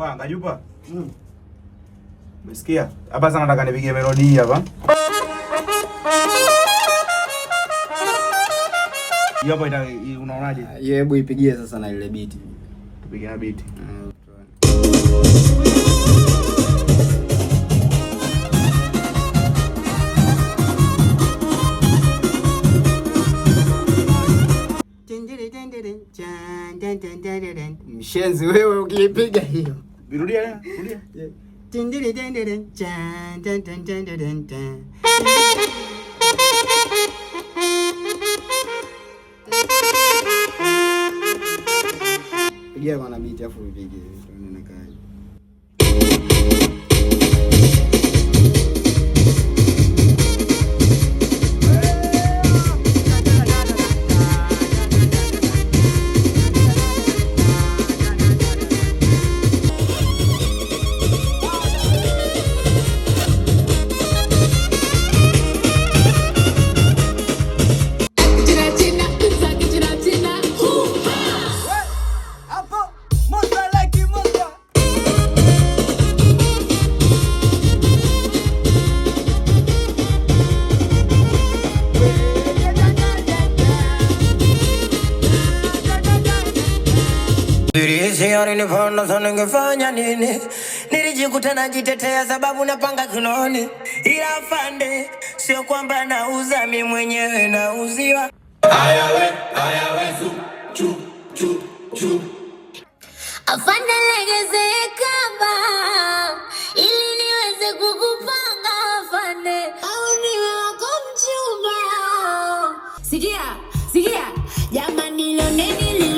Oa, Ngajupa. Mm. Umesikia? Hapa sana nataka nipigie melodi hapa. Ah, hiyo hapo unaonaje? hebu ipigie sasa na ile beat. Tupige na beat. Ah, Mshenzi wewe ukiipiga hiyo. Eh, rudia, rudia. Pigia mara miti afu ipige. Dirishia nilipoona sana nini? Nilijikuta najitetea sababu napanga kinoni. Ila afande, sio kwamba nauza mwenyewe nauziwa. Haya we, haya we chu chu chu. Afande legeze kamba ili niweze kukupanga afande. Au niwe wako mchumba. Sikia, sikia. Jamani loneni